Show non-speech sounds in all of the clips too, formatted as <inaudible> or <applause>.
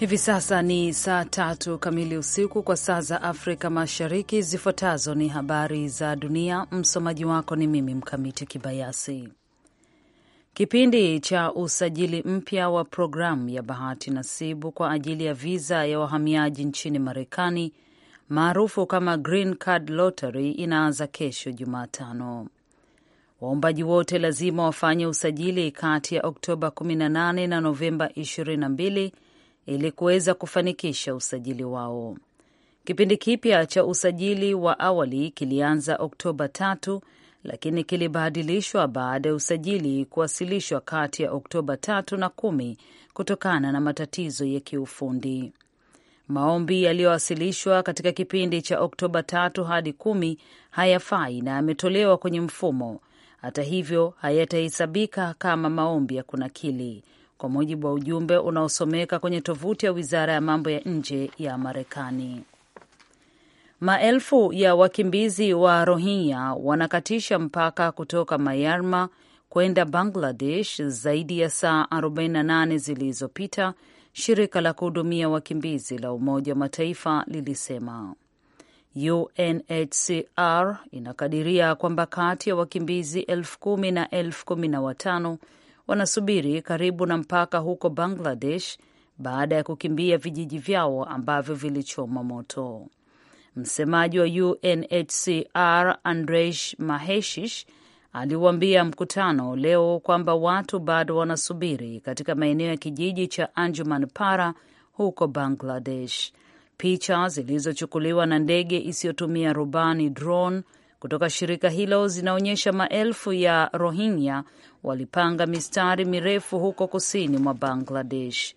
Hivi sasa ni saa tatu kamili usiku kwa saa za Afrika Mashariki. Zifuatazo ni habari za dunia, msomaji wako ni mimi Mkamiti Kibayasi. Kipindi cha usajili mpya wa programu ya bahati nasibu kwa ajili ya viza ya wahamiaji nchini Marekani maarufu kama Green Card Lottery inaanza kesho Jumatano. Waombaji wote lazima wafanye usajili kati ya Oktoba 18 na Novemba 22 ili kuweza kufanikisha usajili wao. Kipindi kipya cha usajili wa awali kilianza Oktoba tatu, lakini kilibadilishwa baada ya usajili kuwasilishwa kati ya Oktoba tatu na kumi kutokana na matatizo ya kiufundi. Maombi yaliyowasilishwa katika kipindi cha Oktoba tatu hadi kumi hayafai na yametolewa kwenye mfumo. Hata hivyo, hayatahesabika kama maombi ya kunakili kwa mujibu wa ujumbe unaosomeka kwenye tovuti ya wizara ya mambo ya nje ya Marekani. Maelfu ya wakimbizi wa Rohingya wanakatisha mpaka kutoka Mayarma kwenda Bangladesh zaidi ya saa 48 zilizopita, shirika la kuhudumia wakimbizi la Umoja wa Mataifa lilisema. UNHCR inakadiria kwamba kati ya wakimbizi elfu kumi na elfu kumi na watano wanasubiri karibu na mpaka huko Bangladesh baada ya kukimbia vijiji vyao ambavyo vilichoma moto. Msemaji wa UNHCR Andrej Maheshish aliuambia mkutano leo kwamba watu bado wanasubiri katika maeneo ya kijiji cha Anjuman Para huko Bangladesh. Picha zilizochukuliwa na ndege isiyotumia rubani drone kutoka shirika hilo zinaonyesha maelfu ya Rohingya walipanga mistari mirefu huko kusini mwa Bangladesh.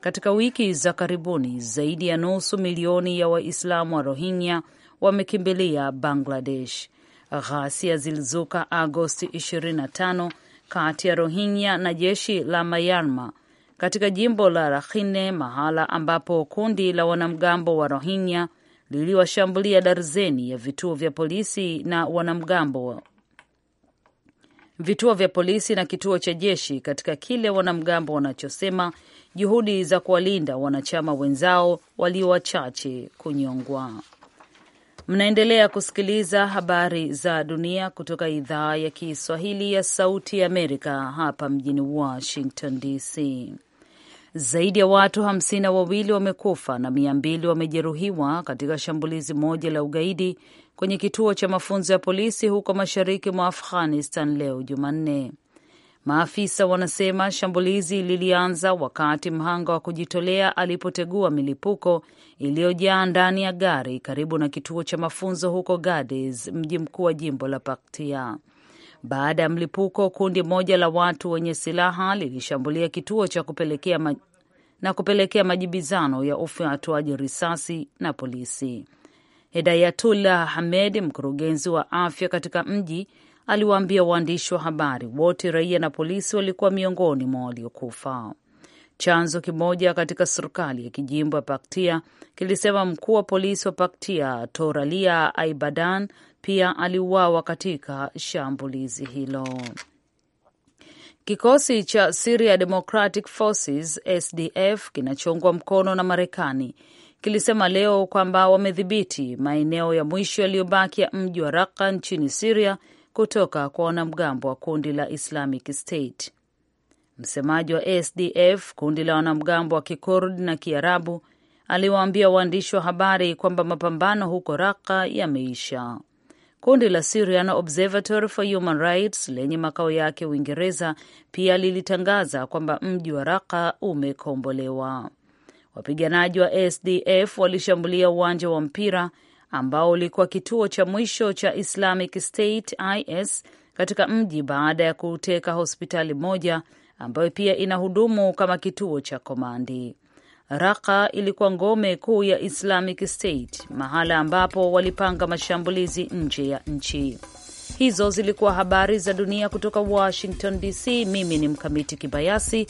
Katika wiki za karibuni, zaidi ya nusu milioni ya Waislamu wa Rohingya wamekimbilia Bangladesh. Ghasia zilizuka Agosti 25 kati ya Rohingya na jeshi la mayarma katika jimbo la Rakhine, mahala ambapo kundi la wanamgambo wa Rohingya liliwashambulia darzeni ya vituo vya polisi na wanamgambo vituo vya polisi na kituo cha jeshi katika kile wanamgambo wanachosema juhudi za kuwalinda wanachama wenzao walio wachache kunyongwa. Mnaendelea kusikiliza habari za dunia kutoka idhaa ya Kiswahili ya Sauti ya Amerika hapa mjini Washington DC. Zaidi ya watu hamsini na wawili wamekufa na mia mbili wamejeruhiwa katika shambulizi moja la ugaidi kwenye kituo cha mafunzo ya polisi huko mashariki mwa Afghanistan leo Jumanne. Maafisa wanasema shambulizi lilianza wakati mhanga wa kujitolea alipotegua milipuko iliyojaa ndani ya gari karibu na kituo cha mafunzo huko Gades, mji mkuu wa jimbo la Paktia. Baada ya mlipuko, kundi moja la watu wenye silaha lilishambulia kituo cha kupelekea ma... na kupelekea majibizano ya ufuatuaji risasi na polisi. Hidayatullah Hamed, mkurugenzi wa afya katika mji, aliwaambia waandishi wa habari wote raia na polisi walikuwa miongoni mwa waliokufa. Chanzo kimoja katika serikali ya kijimbo ya Paktia kilisema mkuu wa polisi wa Paktia Toralia Aibadan pia aliuawa katika shambulizi hilo. Kikosi cha Syria Democratic Forces SDF kinachoungwa mkono na Marekani kilisema leo kwamba wamedhibiti maeneo ya mwisho yaliyobaki ya mji wa Raqqa nchini Syria kutoka kwa wanamgambo wa kundi la Islamic State. Msemaji wa SDF, kundi la wanamgambo wa kikurdi na Kiarabu, aliwaambia waandishi wa habari kwamba mapambano huko Raqqa yameisha. Kundi la Syrian Observatory for Human Rights lenye makao yake Uingereza pia lilitangaza kwamba mji wa Raka umekombolewa. Wapiganaji wa SDF walishambulia uwanja wa mpira ambao ulikuwa kituo cha mwisho cha Islamic State IS katika mji baada ya kuteka hospitali moja ambayo pia inahudumu kama kituo cha komandi. Raqqa ilikuwa ngome kuu ya Islamic State, mahala ambapo walipanga mashambulizi nje ya nchi. Hizo zilikuwa habari za dunia kutoka Washington DC. Mimi ni Mkamiti Kibayasi.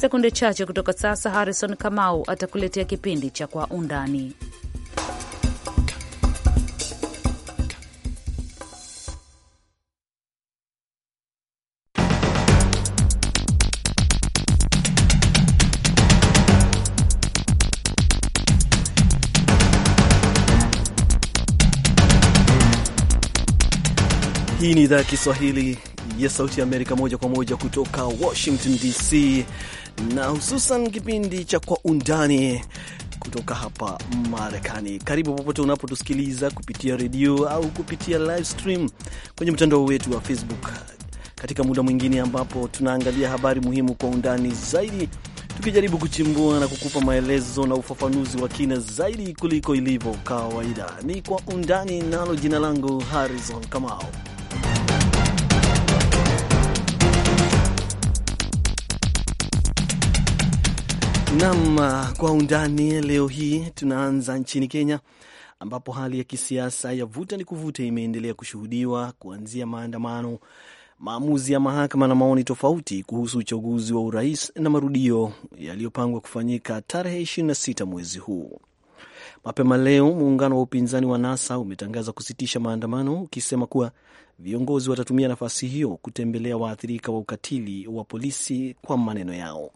Sekunde chache kutoka sasa, Harrison Kamau atakuletea kipindi cha Kwa Undani. Hii ni idhaa ya Kiswahili ya Sauti ya Amerika, moja kwa moja kutoka Washington DC, na hususan kipindi cha Kwa Undani kutoka hapa Marekani. Karibu popote unapotusikiliza kupitia redio au kupitia live stream kwenye mtandao wetu wa Facebook, katika muda mwingine ambapo tunaangalia habari muhimu kwa undani zaidi, tukijaribu kuchimbua na kukupa maelezo na ufafanuzi wa kina zaidi kuliko ilivyo kawaida. Ni Kwa Undani, nalo jina langu Harrison Kamao. Nam kwa undani leo hii tunaanza nchini Kenya, ambapo hali ya kisiasa ya vuta ni kuvuta imeendelea kushuhudiwa kuanzia maandamano, maamuzi ya mahakama na maoni tofauti kuhusu uchaguzi wa urais na marudio yaliyopangwa kufanyika tarehe 26 mwezi huu. Mapema leo muungano wa upinzani wa NASA umetangaza kusitisha maandamano ukisema kuwa viongozi watatumia nafasi hiyo kutembelea waathirika wa ukatili wa polisi, kwa maneno yao.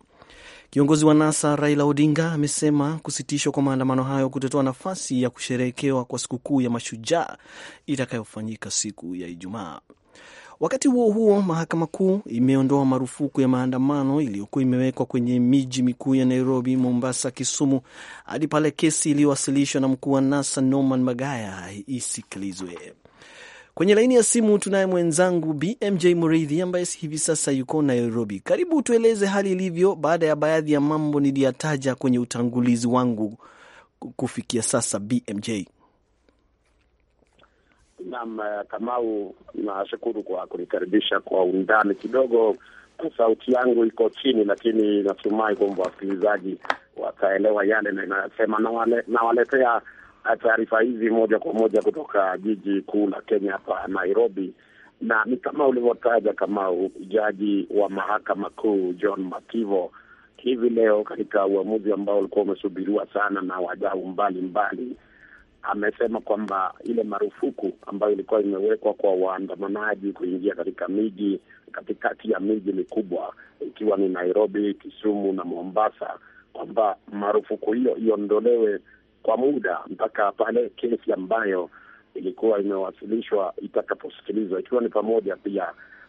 Kiongozi wa NASA Raila Odinga amesema kusitishwa kwa maandamano hayo kutotoa nafasi ya kusherehekewa kwa sikukuu ya Mashujaa itakayofanyika siku ya Ijumaa. Wakati huo huo, mahakama kuu imeondoa marufuku ya maandamano iliyokuwa imewekwa kwenye miji mikuu ya Nairobi, Mombasa, Kisumu hadi pale kesi iliyowasilishwa na mkuu wa NASA Norman Magaya isikilizwe. Kwenye laini ya simu tunaye mwenzangu BMJ Mureithi ambaye hivi sasa yuko Nairobi. Karibu tueleze hali ilivyo baada ya baadhi ya mambo niliyataja kwenye utangulizi wangu kufikia sasa. BMJ. Naam, eh, Kamau, nashukuru kwa kunikaribisha. Kwa undani kidogo, sauti yangu iko chini, lakini natumai kwamba wasikilizaji wataelewa yale nasema, Nawaletea taarifa hizi moja kwa moja kutoka jiji kuu la Kenya hapa Nairobi, na ni kama ulivyotaja, kama jaji wa mahakama kuu John Mativo hivi leo katika uamuzi ambao ulikuwa umesubiriwa sana na wadau mbalimbali, amesema kwamba ile marufuku ambayo ilikuwa imewekwa kwa waandamanaji kuingia katika miji katikati ya miji mikubwa ikiwa ni Nairobi, Kisumu na Mombasa, kwamba marufuku hiyo iondolewe kwa muda mpaka pale kesi ambayo ilikuwa imewasilishwa itakaposikilizwa, ikiwa ni pamoja pia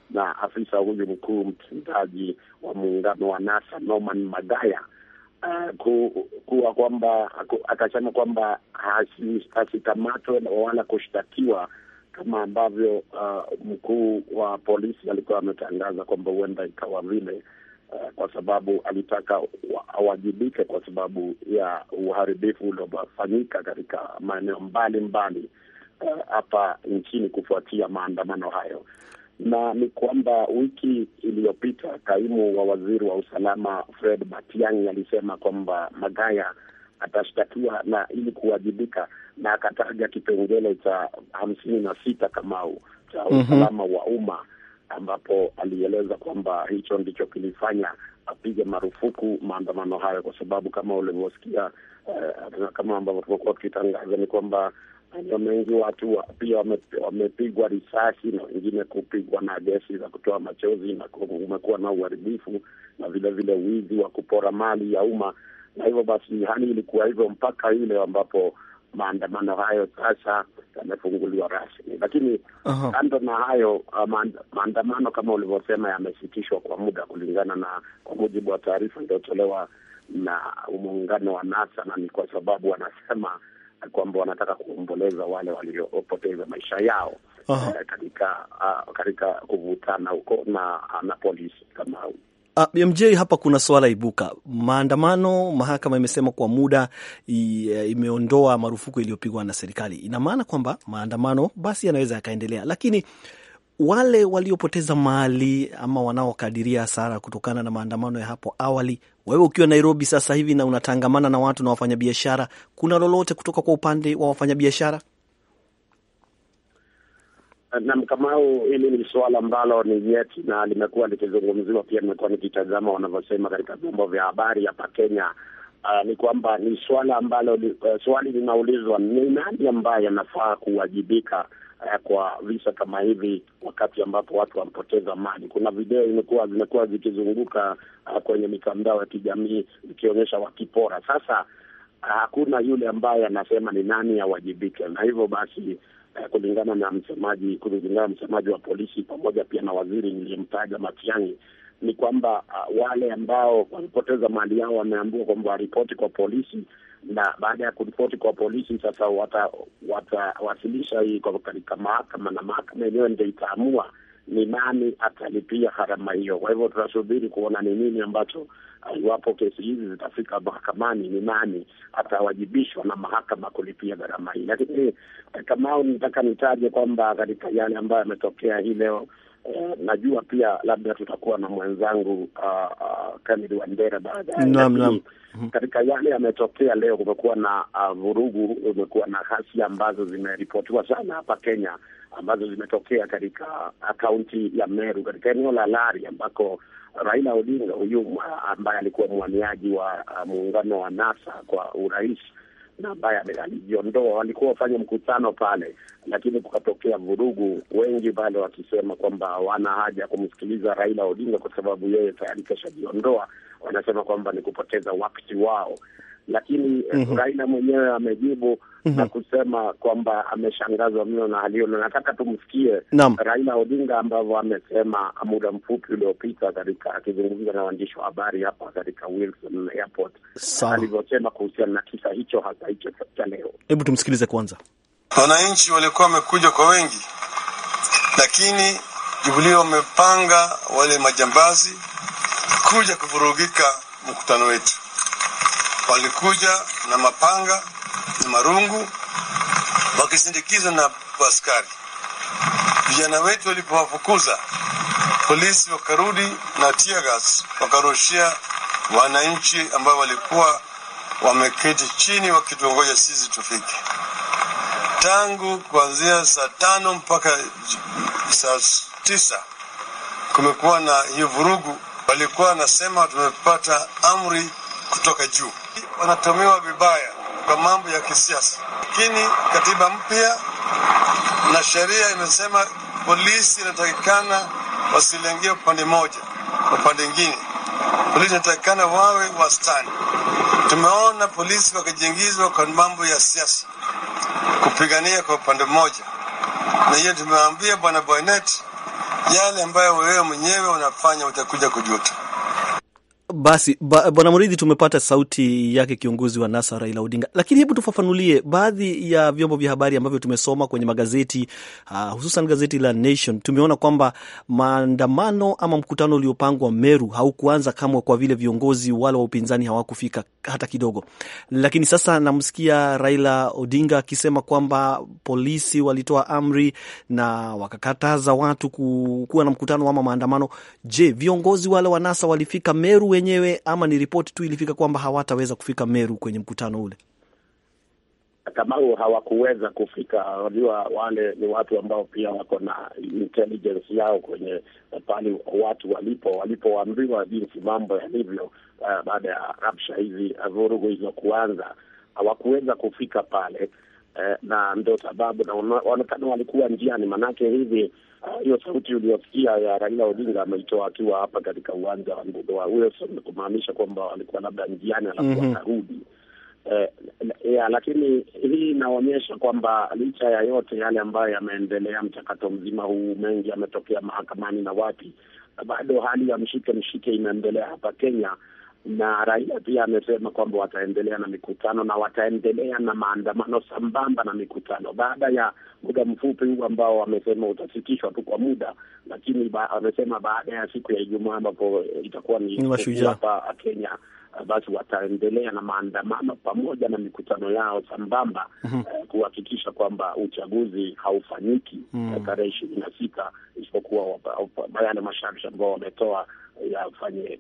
na afisa huyu mkuu mtendaji wa muungano wa NASA Norman Magaya uh, eh, kuwa kwamba ku, akasema kwamba hasikamatwe wala kushtakiwa kama ambavyo uh, mkuu wa polisi alikuwa ametangaza kwamba huenda ikawa vile Eh, kwa sababu alitaka awajibike kwa sababu ya uharibifu uliofanyika katika maeneo mbalimbali eh, hapa uh, nchini kufuatia maandamano hayo. Na ni kwamba wiki iliyopita kaimu wa waziri wa usalama Fred Matiang'i alisema kwamba Magaya atashtakiwa na ili kuwajibika, na akataja kipengele cha hamsini na sita kama cha mhm. usalama mm -hmm. wa umma ambapo alieleza kwamba hicho ndicho kilifanya apige marufuku maandamano hayo, kwa sababu kama ulivyosikia, uh, kama ambavyo tumekuwa tukitangaza ni kwamba maeneo eh, mengi watu pia wamepigwa risasi na wengine kupigwa na gesi za kutoa machozi, na kumekuwa na uharibifu na vilevile wizi wa kupora mali ya umma, na hivyo basi hali ilikuwa hivyo mpaka ile ambapo maandamano hayo sasa yamefunguliwa rasmi. Lakini kando na hayo, uh, maandamano kama ulivyosema yamesitishwa kwa muda, kulingana na kwa mujibu wa taarifa iliyotolewa na muungano wa NASA, na ni kwa sababu wanasema kwamba wanataka kuomboleza wale waliopoteza maisha yao eh, katika uh, katika kuvutana huko na, na polisi kama Uh, ah, BMJ hapa kuna swala ibuka. Maandamano, mahakama imesema kwa muda eh, imeondoa marufuku iliyopigwa na serikali. Ina maana kwamba maandamano basi yanaweza yakaendelea, lakini wale waliopoteza mali ama wanaokadiria hasara kutokana na maandamano ya hapo awali, wewe ukiwa Nairobi sasa hivi na unatangamana na watu na wafanyabiashara, kuna lolote kutoka kwa upande wa wafanyabiashara? Eh, Naam, Kamau, hili ni suala ambalo ni nyeti na limekuwa likizungumziwa. Pia nimekuwa nikitazama wanavyosema katika vyombo vya habari hapa Kenya. Uh, ni kwamba ni suala ambalo uh, swali linaulizwa ni nani ambaye anafaa kuwajibika uh, kwa visa kama hivi, wakati ambapo watu wamepoteza mali. Kuna video imekuwa zimekuwa zikizunguka uh, kwenye mitandao ya kijamii ikionyesha wakipora. Sasa hakuna uh, yule ambaye anasema ni nani awajibike, na hivyo basi Eh, kulingana na msemaji kulingana na msemaji wa polisi pamoja pia na waziri niliyemtaja Matiang'i ni kwamba uh, wale ambao walipoteza mali yao wameambiwa kwamba waripoti kwa polisi, na baada ya kuripoti kwa polisi sasa watawasilisha wata hii katika mahakama, na mahakama yenyewe ndio itaamua ni nani atalipia gharama hiyo. Kwa hivyo tunasubiri kuona ni nini ambacho iwapo kesi hizi zitafika mahakamani, ni nani atawajibishwa na mahakama kulipia gharama hii. Lakini eh, Kamau, nitaka nitaje kwamba katika yale ambayo yametokea hii leo eh, najua pia labda tutakuwa na mwenzangu uh, uh, Kennedy Wandera baadaye. Mhm. Katika yale yametokea leo, kumekuwa na uh, vurugu, kumekuwa na ghasia ambazo zimeripotiwa sana hapa Kenya ambazo zimetokea katika kaunti ya Meru katika eneo la Lari ambako Raila Odinga huyu uh, ambaye alikuwa mwaniaji wa uh, muungano wa NASA kwa urais na ambaye alijiondoa, walikuwa wafanya mkutano pale, lakini kukatokea vurugu, wengi pale wakisema kwamba hawana haja ya kumsikiliza Raila Odinga kwa sababu yeye tayari kashajiondoa. Wanasema kwamba ni kupoteza wakati wao, lakini mm -hmm. Raila mwenyewe amejibu mm -hmm. na mhm. kusema kwamba ameshangazwa mno na aliona. Nataka tumsikie Raila Odinga ambavyo amesema muda mfupi uliopita katika akizungumza na waandishi wa habari hapa katika Wilson Airport alivyosema kuhusiana na kisa hicho hasa hicho cha leo. Hebu tumsikilize kwanza. Wananchi walikuwa wamekuja kwa wengi, lakini Jubilee wamepanga wale majambazi kuja kuvurugika mkutano wetu walikuja na mapanga na marungu wakisindikizwa na askari. Vijana wetu walipowafukuza, polisi wakarudi na tear gas wakarushia wananchi ambao walikuwa wameketi chini wakituongoja sisi tufike. Tangu kuanzia saa tano mpaka saa tisa kumekuwa na hiyo vurugu. Walikuwa wanasema tumepata amri kutoka juu wanatumiwa vibaya kwa mambo ya kisiasa, lakini katiba mpya na sheria imesema polisi inatakikana wasilengie upande mmoja, upande mwingine. Polisi inatakikana wawe wastani. Tumeona polisi wakijiingizwa kwa mambo ya siasa, kupigania kwa upande mmoja, na hiyo tumewaambia Bwana Boynet, yale ambayo wewe mwenyewe unafanya utakuja kujuta. Basi bwana mridhi tumepata sauti yake kiongozi wa NASA Raila Odinga, lakini hebu tufafanulie baadhi ya vyombo vya habari ambavyo tumesoma kwenye magazeti uh, hususan gazeti la Nation. Tumeona kwamba maandamano ama mkutano uliopangwa Meru haukuanza kamwe kwa vile viongozi wale wa upinzani hawakufika hata kidogo, lakini sasa namsikia Raila Odinga akisema kwamba polisi walitoa amri na wakakataza watu kuwa na mkutano ama maandamano. Je, viongozi wale wa NASA walifika Meru wenyewe wenyewe ama ni ripoti tu ilifika kwamba hawataweza kufika Meru kwenye mkutano ule? Kamau, hawakuweza kufika. Unajua, wale ni watu ambao pia wako na intelligence yao kwenye eh, pale watu walipo, walipoambiwa jinsi mambo yalivyo, uh, baada ya rabsha hizi, eh, vurugu hizo kuanza, hawakuweza kufika pale, uh, na ndo sababu na wanaonekana walikuwa njiani, manake hivi Ah, hiyo sauti uliyosikia ya Raila Odinga ameitoa akiwa hapa katika uwanja wa wa Wilson, kumaanisha kwamba alikuwa labda njiani alafu mhm. akarudi. Eh, ya, lakini hii inaonyesha kwamba licha ya yote yale ambayo yameendelea, mchakato mzima huu, mengi yametokea mahakamani na wapi, bado hali ya mshike mshike imeendelea hapa Kenya, na Raila pia amesema kwamba wataendelea na mikutano na wataendelea na maandamano sambamba na mikutano, baada ya muda mfupi huu ambao wamesema utasitishwa tu kwa muda, lakini wamesema ba, baada ya siku ya Ijumaa ambapo itakuwa ni hapa Kenya basi wataendelea na maandamano pamoja na mikutano yao sambamba mm -hmm. eh, kuhakikisha kwamba uchaguzi haufanyiki mm -hmm. tarehe ishirini na sita isipokuwa yale masharti ambao wametoa yafanye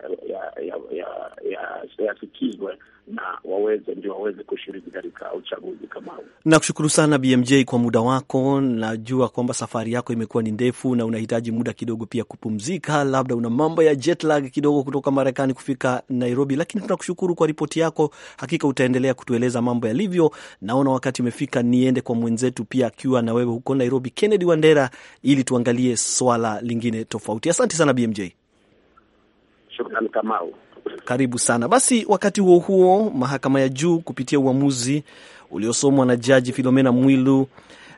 yasikizwe ya, ya, ya na waweze ndio waweze kushiriki katika uchaguzi kama huu. Nakushukuru sana BMJ kwa muda wako. Najua kwamba safari yako imekuwa ni ndefu na unahitaji muda kidogo pia kupumzika, labda una mambo ya jet lag kidogo kutoka Marekani kufika Nairobi, lakini tunakushukuru kwa ripoti yako. Hakika utaendelea kutueleza mambo yalivyo. Naona wakati umefika niende kwa mwenzetu pia akiwa na wewe huko Nairobi, Kennedy Wandera, ili tuangalie swala lingine tofauti. Asante sana BMJ. Shukran Kamau, karibu sana. Basi wakati huo huo, mahakama ya juu kupitia uamuzi uliosomwa na Jaji Filomena Mwilu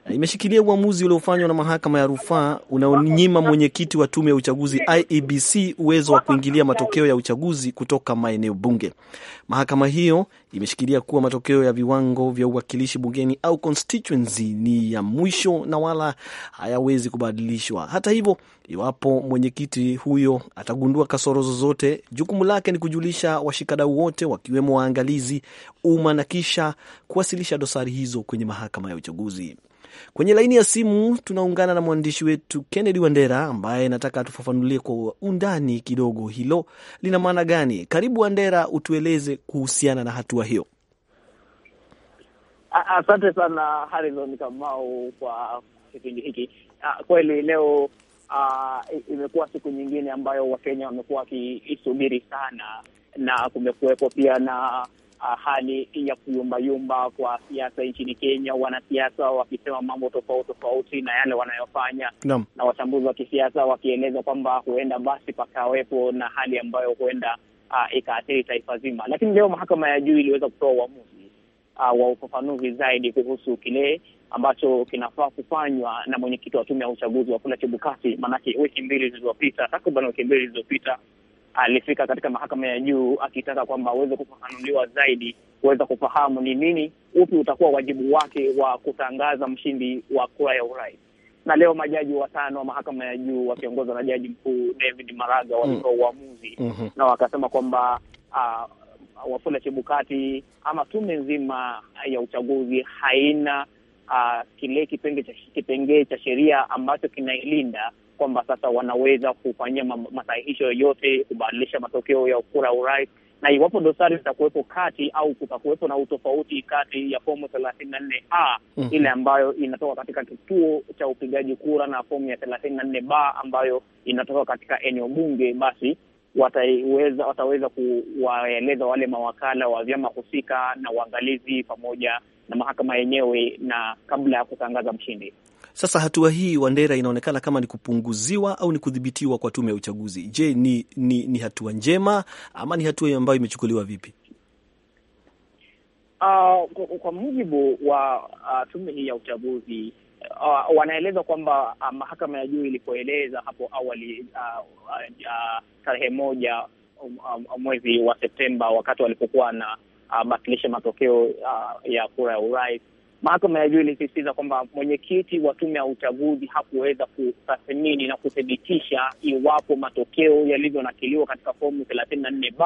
Eh, imeshikilia uamuzi uliofanywa na mahakama ya rufaa unaonyima mwenyekiti wa tume ya uchaguzi IEBC uwezo wa kuingilia matokeo ya uchaguzi kutoka maeneo bunge. Mahakama hiyo imeshikilia kuwa matokeo ya viwango vya uwakilishi bungeni au constituency ni ya mwisho na wala hayawezi kubadilishwa. Hata hivyo, iwapo mwenyekiti huyo atagundua kasoro zozote, jukumu lake ni kujulisha washikadau wote, wakiwemo waangalizi, umma na kisha kuwasilisha dosari hizo kwenye mahakama ya uchaguzi. Kwenye laini ya simu tunaungana na mwandishi wetu Kennedy Wandera ambaye nataka tufafanulie kwa undani kidogo hilo lina maana gani. Karibu Wandera, utueleze kuhusiana na hatua hiyo. Asante sana harizon Kamau kwa kipindi hiki. Kweli leo uh, imekuwa siku nyingine ambayo Wakenya wamekuwa wakisubiri sana, na kumekuwepo pia na uh, hali ya kuyumbayumba kwa siasa nchini Kenya, wanasiasa wakisema mambo tofauti tofauti na yale wanayofanya no. na wachambuzi wa kisiasa wakieleza kwamba huenda basi pakawepo na hali ambayo huenda uh, ikaathiri taifa zima. Lakini leo mahakama ya juu iliweza kutoa uamuzi uh, wa ufafanuzi zaidi kuhusu kile ambacho kinafaa kufanywa na mwenyekiti wa tume ya uchaguzi Wafula Chebukati. Maanake wiki mbili zilizopita, takriban wiki mbili zilizopita alifika ah, katika mahakama ya juu akitaka kwamba aweze kufafanuliwa zaidi kuweza kufahamu ni nini, upi utakuwa wajibu wake wa kutangaza mshindi wa kura ya urais. Na leo majaji watano wa mahakama ya juu wakiongozwa na jaji mkuu David Maraga mm. walitoa mm. uamuzi mm -hmm. na wakasema kwamba uh, Wafula Chebukati ama tume nzima ya uchaguzi haina uh, kile kipenge cha kipengee cha sheria ambacho kinailinda kwamba sasa wanaweza kufanyia masahihisho yoyote, kubadilisha matokeo ya kura urais, na iwapo dosari zitakuwepo kati au kutakuwepo na utofauti kati ya fomu thelathini na nne a mhm. ile ambayo inatoka katika kituo cha upigaji kura na fomu ya thelathini na nne b ambayo inatoka katika eneo bunge, basi wataweza wataweza kuwaeleza wale mawakala wa vyama husika na uangalizi pamoja na mahakama yenyewe na kabla ya kutangaza mshindi. Sasa hatua hii, Wandera, inaonekana kama ni kupunguziwa au ni kudhibitiwa kwa tume ya uchaguzi. Je, ni, ni, ni hatua njema ama ni hatua ambayo imechukuliwa vipi? Uh, kwa, kwa mujibu wa uh, tume hii ya uchaguzi uh, wanaeleza kwamba uh, mahakama ya juu ilipoeleza hapo awali uh, uh, tarehe moja uh, mwezi wa Septemba wakati walipokuwa na uh, batilisha matokeo uh, ya kura ya urais Mahakama ya juu ilisisitiza kwamba mwenyekiti wa tume ya uchaguzi hakuweza kutathmini na kuthibitisha iwapo matokeo yalivyonakiliwa katika fomu thelathini na nne b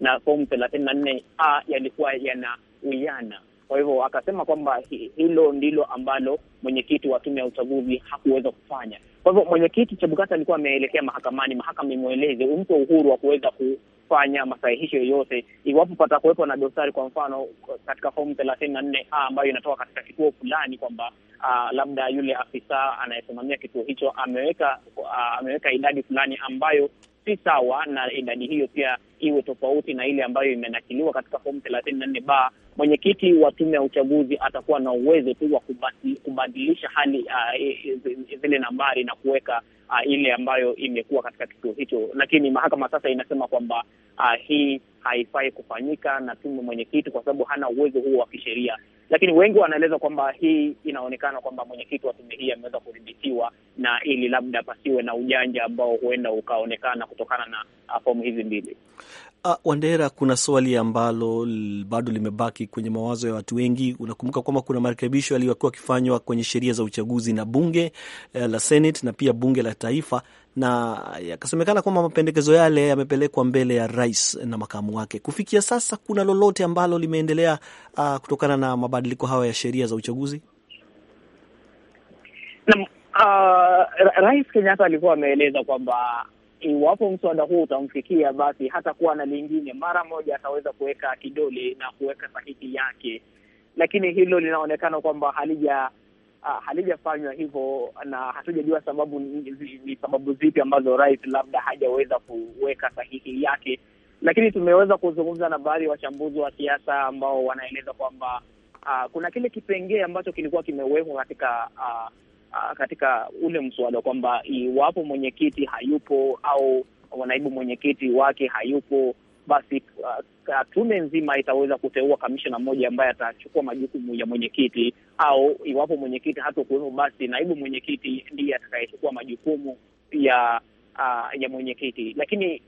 na fomu thelathini na nne a yalikuwa yana uyana. Kwa hivyo akasema kwamba hilo ndilo ambalo mwenyekiti wa tume ya uchaguzi hakuweza kufanya. Kwa hivyo mwenyekiti Chebukati alikuwa ameelekea mahakamani, mahakama imweleze umpe uhuru wa kuweza ku kufanya masahihisho yoyote iwapo patakuwepo na dosari, kwa mfano katika fomu thelathini na nne a ambayo inatoka katika kituo fulani kwamba Uh, labda yule afisa anayesimamia kituo hicho ameweka uh, ameweka idadi fulani ambayo si sawa, na idadi hiyo pia iwe tofauti na ile ambayo imenakiliwa katika fomu thelathini na nne ba, mwenyekiti wa tume ya uchaguzi atakuwa na uwezo tu wa kubadilisha hali uh, zile nambari na kuweka uh, ile ambayo imekuwa katika kituo hicho, lakini mahakama sasa inasema kwamba uh, hii haifai kufanyika na tume mwenyekiti, kwa sababu hana uwezo huo wa kisheria. Lakini wengi wanaeleza kwamba hii inaonekana kwamba mwenyekiti wa tume hii ameweza kudhibitiwa, na ili labda pasiwe na ujanja ambao huenda ukaonekana kutokana na uh, fomu hizi mbili. Ah, Wandera, kuna swali ambalo bado limebaki kwenye mawazo ya watu wengi. Unakumbuka kwamba kuna marekebisho yaliyokuwa akifanywa kwenye sheria za uchaguzi na bunge eh, la Senate na pia bunge la taifa, na yakasemekana kwamba mapendekezo yale yamepelekwa mbele ya rais na makamu wake. Kufikia sasa, kuna lolote ambalo limeendelea uh, kutokana na mabadiliko hayo ya sheria za uchaguzi na, uh, ah, Rais Kenyatta alikuwa ameeleza kwamba iwapo mswada huu utamfikia, basi hata kuwa na lingine, mara moja ataweza kuweka kidole na kuweka sahihi yake, lakini hilo linaonekana kwamba halija ah, halijafanywa hivyo, na hatujajua sababu ni sababu zipi ambazo rais labda hajaweza kuweka sahihi yake, lakini tumeweza kuzungumza na baadhi ya wachambuzi wa siasa ambao wanaeleza kwamba ah, kuna kile kipengee ambacho kilikuwa kimewekwa katika ah, Ah, katika ule mswada kwamba iwapo mwenyekiti hayupo au naibu mwenyekiti wake hayupo, basi uh, tume nzima itaweza kuteua kamishna mmoja ambaye atachukua majukumu ya mwenyekiti, au iwapo mwenyekiti hata hatokuwemo, basi naibu mwenyekiti ndiye atakayechukua majukumu ya uh, ya mwenyekiti. Lakini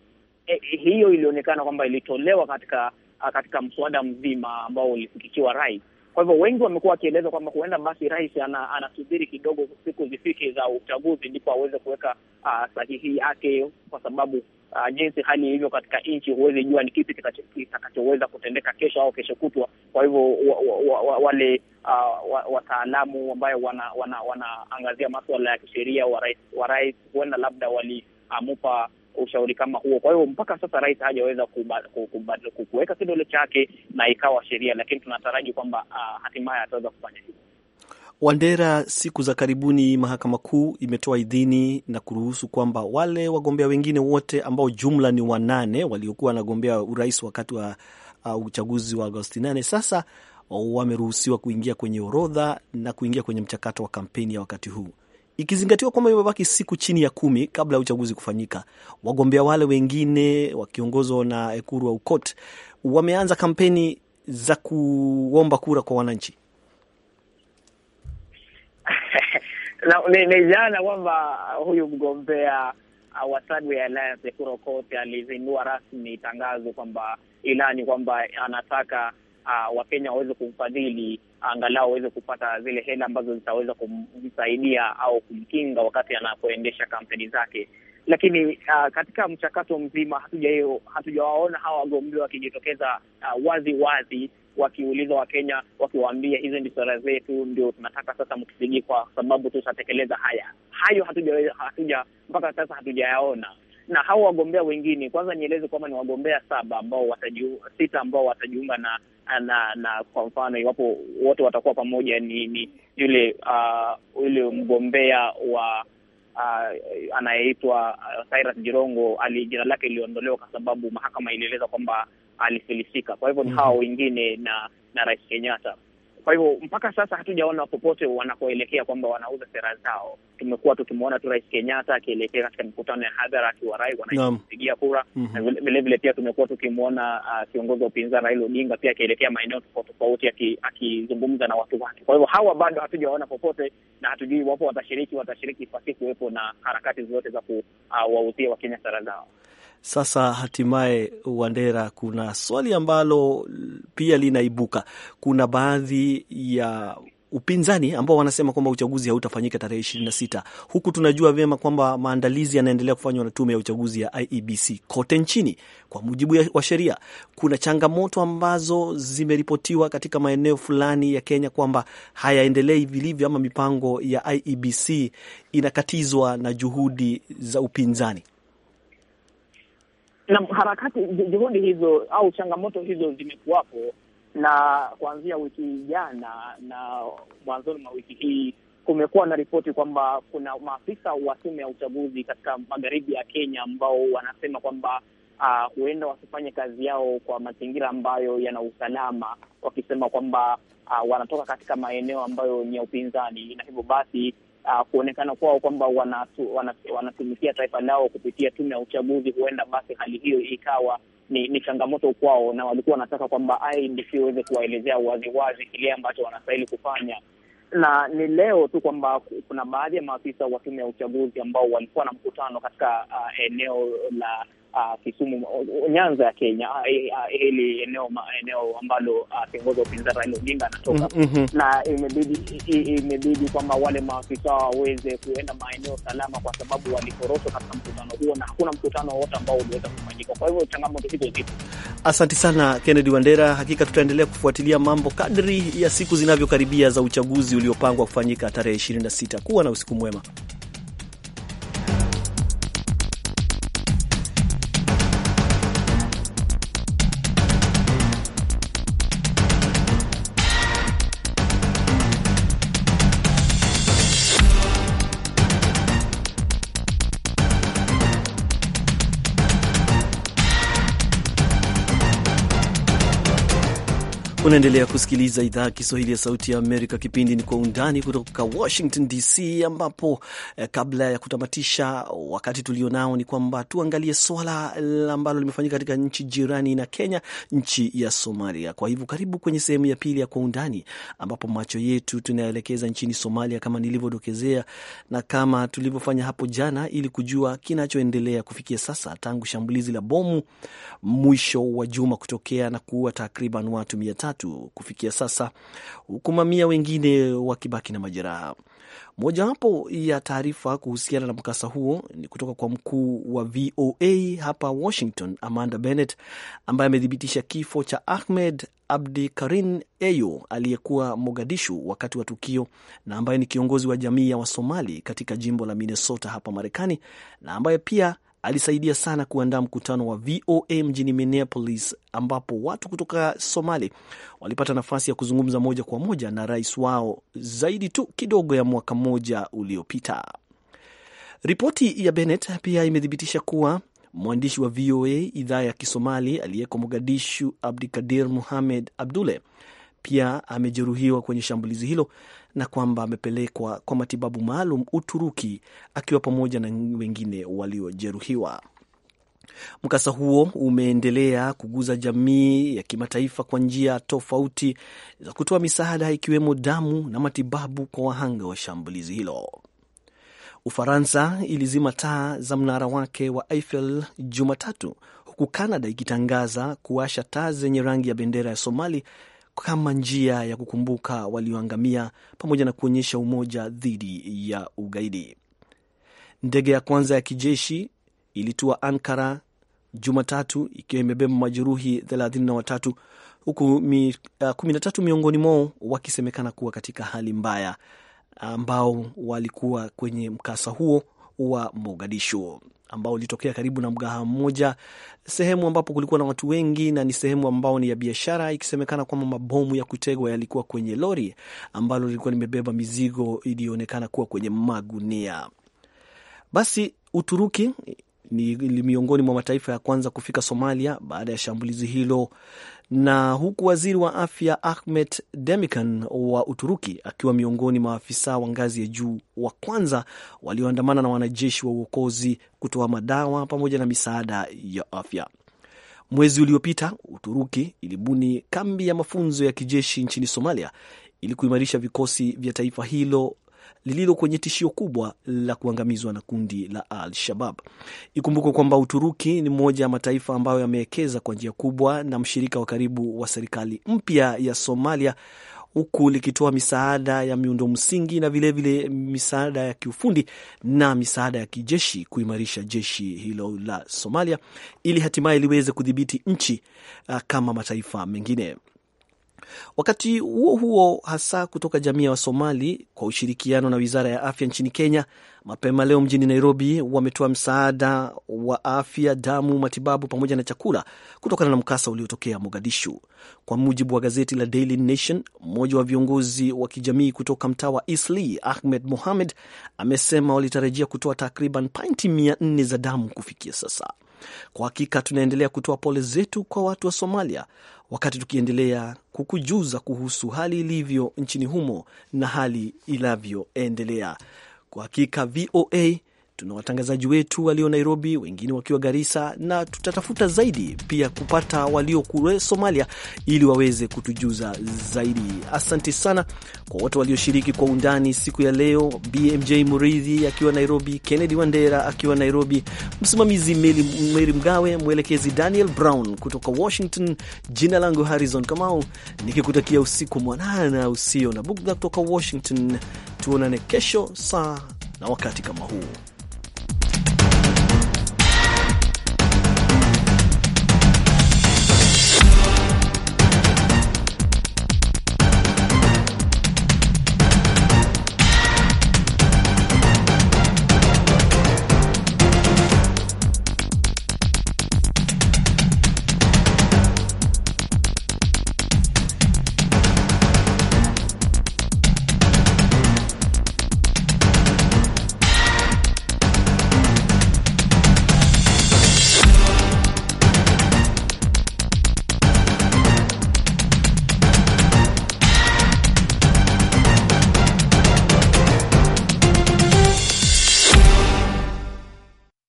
eh, hiyo ilionekana kwamba ilitolewa katika uh, katika mswada mzima ambao ulifikikiwa rais. Kwa hivyo wengi wamekuwa wakieleza kwamba huenda basi rais ana, anasubiri kidogo siku zifike za uchaguzi ndipo aweze kuweka uh, sahihi yake, kwa sababu uh, jinsi hali ilivyo katika nchi, huwezi jua ni kipi kitakachoweza kutendeka kesho au kesho kutwa. Kwa hivyo wa, wa, wa, wale uh, wataalamu ambayo wanaangazia wana, wana, masuala ya kisheria wa rais wa rais huenda labda waliamupa uh, ushauri kama huo. Kwa hiyo mpaka sasa rais hajaweza kuweka kidole chake na ikawa sheria, lakini tunataraji kwamba uh, hatimaye ataweza kufanya hivyo. Wandera, siku za karibuni mahakama kuu imetoa idhini na kuruhusu kwamba wale wagombea wengine wote ambao jumla ni wanane waliokuwa wanagombea urais wakati wa uh, uchaguzi wa Agosti nane sasa wameruhusiwa kuingia kwenye orodha na kuingia kwenye mchakato wa kampeni ya wakati huu ikizingatiwa kwamba imebaki siku chini ya kumi kabla ya uchaguzi kufanyika. Wagombea wale wengine wakiongozwa na Ekuru Aukot wameanza kampeni za kuomba kura kwa wananchi. <laughs> Ni jana kwamba huyu mgombea uh, wa Thirdway Alliance Ekuru Aukot alizindua rasmi tangazo kwamba ilani kwamba anataka uh, Wakenya waweze kumfadhili angalau waweze kupata zile hela ambazo zitaweza kumsaidia au kumkinga wakati anapoendesha kampeni zake. Lakini uh, katika mchakato mzima hatujawaona hawa wagombea wakijitokeza uh, wazi wazi wakiuliza Wakenya, wakiwaambia hizo ndi sera zetu, ndio tunataka sasa mtupigi kwa sababu tutatekeleza haya. Hayo hatuja, hatuja mpaka sasa hatujayaona na hawa wagombea wengine, kwanza nieleze kwamba ni wagombea saba ambao sita ambao watajiunga na na na kwa mfano iwapo wote watakuwa pamoja ni, ni yule uh, yule mgombea wa uh, anayeitwa uh, Cyrus Jirongo ali jina lake iliondolewa kwa sababu mahakama ilieleza kwamba alifilisika. Kwa hivyo ni mm -hmm. hawa wengine na na Rais Kenyatta kwa hivyo mpaka sasa hatujaona popote wanakoelekea kwamba wanauza sera zao. Tumekuwa tukimwona tu Rais Kenyatta akielekea katika mikutano ya hadhara akiwarai wananchi kupigia kura mm -hmm. na vilevile pia tumekuwa tukimwona uh, kiongozi wa upinzani Raila Odinga pia akielekea maeneo tofauti tofauti akizungumza na watu wake. Kwa hivyo hawa bado hatujaona popote na hatujui iwapo watashiriki watashiriki pasipo kuwepo na harakati zote za kuwauzia ah, Wakenya sera zao. Sasa hatimaye, Wandera, kuna swali ambalo pia linaibuka. Kuna baadhi ya upinzani ambao wanasema kwamba uchaguzi hautafanyika tarehe ishirini na sita huku tunajua vyema kwamba maandalizi yanaendelea kufanywa na tume ya uchaguzi ya IEBC kote nchini kwa mujibu wa sheria. Kuna changamoto ambazo zimeripotiwa katika maeneo fulani ya Kenya kwamba hayaendelei vilivyo, ama mipango ya IEBC inakatizwa na juhudi za upinzani na harakati juhudi hizo au changamoto hizo zimekuwapo, na kuanzia wiki jana na mwanzoni mwa wiki hii kumekuwa na ripoti kwamba kuna maafisa wa tume ya uchaguzi katika magharibi ya Kenya ambao wanasema kwamba ah, huenda uh, wasifanye kazi yao kwa mazingira ambayo yana usalama, wakisema kwamba uh, wanatoka katika maeneo ambayo ni ya upinzani, na hivyo basi uh, kuonekana kwao kwamba wanatumikia wana, wana, taifa lao kupitia tume ya uchaguzi, huenda basi hali hiyo ikawa ni, ni changamoto kwao, na walikuwa wanataka kwamba IEBC iweze kuwaelezea waziwazi kile ambacho wanastahili kufanya na ni leo tu kwamba kuna baadhi ya maafisa wa tume ya uchaguzi ambao walikuwa na mkutano katika uh, eneo la uh, Kisumu, uh, Nyanza ya Kenya, uh, eh, uh, hili uh, eneo eneo ambalo kiongozi wa upinzani Raila Odinga anatoka mm -hmm. na imebidi imebidi kwamba wale maafisa waweze kuenda maeneo salama, kwa sababu walikoroshwa katika mkutano huo na hakuna mkutano wowote ambao uliweza kufanyika. Kwa hivyo changamoto hizo zipo. Asante sana Kennedy Wandera, hakika tutaendelea kufuatilia mambo kadri ya siku zinavyokaribia za uchaguzi uliopangwa kufanyika tarehe 26. Kuwa na usiku mwema. Unaendelea kusikiliza idhaa ya Kiswahili ya Sauti ya Amerika. Kipindi ni Kwa Undani kutoka Washington DC, ambapo eh, kabla ya kutamatisha wakati tulionao ni kwamba tuangalie swala ambalo limefanyika katika nchi jirani na Kenya, nchi ya Somalia. Kwa hivyo karibu kwenye sehemu ya pili ya Kwa Undani, ambapo macho yetu tunaelekeza nchini Somalia kama nilivyodokezea na kama tulivyofanya hapo jana, ili kujua kinachoendelea kufikia sasa tangu shambulizi la bomu mwisho wa juma kutokea na kuua takriban watu mia tatu kufikia sasa, huku mamia wengine wakibaki na majeraha. Mojawapo ya taarifa kuhusiana na mkasa huo ni kutoka kwa mkuu wa VOA hapa Washington, Amanda Bennett, ambaye amethibitisha kifo cha Ahmed Abdi Karin Eyo aliyekuwa Mogadishu wakati wa tukio na ambaye ni kiongozi wa jamii ya Wasomali katika jimbo la Minnesota hapa Marekani na ambaye pia alisaidia sana kuandaa mkutano wa VOA mjini Minneapolis, ambapo watu kutoka Somali walipata nafasi ya kuzungumza moja kwa moja na rais wao zaidi tu kidogo ya mwaka mmoja uliopita. Ripoti ya Bennett pia imethibitisha kuwa mwandishi wa VOA idhaa ya Kisomali aliyeko Mogadishu, Abdikadir Muhamed Abdule pia amejeruhiwa kwenye shambulizi hilo na kwamba amepelekwa kwa matibabu maalum Uturuki akiwa pamoja na wengine waliojeruhiwa. Mkasa huo umeendelea kuguza jamii ya kimataifa kwa njia tofauti za kutoa misaada ikiwemo damu na matibabu kwa wahanga wa shambulizi hilo. Ufaransa ilizima taa za mnara wake wa Eiffel Jumatatu, huku canada ikitangaza kuwasha taa zenye rangi ya bendera ya Somali kama njia ya kukumbuka walioangamia pamoja na kuonyesha umoja dhidi ya ugaidi. Ndege ya kwanza ya kijeshi ilitua Ankara Jumatatu ikiwa imebeba majeruhi 33 huku mi, uh, 13 miongoni mwao wakisemekana kuwa katika hali mbaya ambao walikuwa kwenye mkasa huo wa Mogadishu ambao ulitokea karibu na mgahawa mmoja, sehemu ambapo kulikuwa na watu wengi na ni sehemu ambao ni ya biashara, ikisemekana kwamba mabomu ya kutegwa yalikuwa kwenye lori ambalo lilikuwa limebeba mizigo iliyoonekana kuwa kwenye magunia. Basi Uturuki ni miongoni mwa mataifa ya kwanza kufika Somalia baada ya shambulizi hilo na huku waziri wa afya Ahmet Demikan wa Uturuki akiwa miongoni mwa afisa wa ngazi ya juu wa kwanza walioandamana na wanajeshi wa uokozi kutoa madawa pamoja na misaada ya afya. Mwezi uliopita, Uturuki ilibuni kambi ya mafunzo ya kijeshi nchini Somalia ili kuimarisha vikosi vya taifa hilo lililo kwenye tishio kubwa la kuangamizwa na kundi la Al-Shabab. Ikumbukwe kwamba Uturuki ni moja ya mataifa ambayo yamewekeza kwa njia kubwa na mshirika wa karibu wa serikali mpya ya Somalia huku likitoa misaada ya miundo msingi na vilevile vile misaada ya kiufundi na misaada ya kijeshi kuimarisha jeshi hilo la Somalia ili hatimaye liweze kudhibiti nchi uh, kama mataifa mengine. Wakati huo huo, hasa kutoka jamii ya Wasomali kwa ushirikiano na wizara ya afya nchini Kenya, mapema leo mjini Nairobi, wametoa msaada wa afya, damu, matibabu pamoja na chakula kutokana na mkasa uliotokea Mogadishu. Kwa mujibu wa gazeti la Daily Nation, mmoja wa viongozi wa kijamii kutoka mtaa wa Eastleigh, Ahmed Mohamed, amesema walitarajia kutoa takriban painti mia nne za damu kufikia sasa. Kwa hakika tunaendelea kutoa pole zetu kwa watu wa Somalia wakati tukiendelea kukujuza kuhusu hali ilivyo nchini humo na hali inavyoendelea. Kwa hakika VOA Tuna watangazaji wetu walio Nairobi, wengine wakiwa Garissa, na tutatafuta zaidi pia kupata walio kule Somalia ili waweze kutujuza zaidi. Asante sana kwa wote walioshiriki kwa undani siku ya leo, BMJ Muridhi akiwa Nairobi, Kennedy Wandera akiwa Nairobi, msimamizi Meri Mgawe, mwelekezi Daniel Brown kutoka Washington. Jina langu Harrison Kamau, nikikutakia usiku mwanana usio na bugdha kutoka Washington. Tuonane kesho saa na wakati kama huu.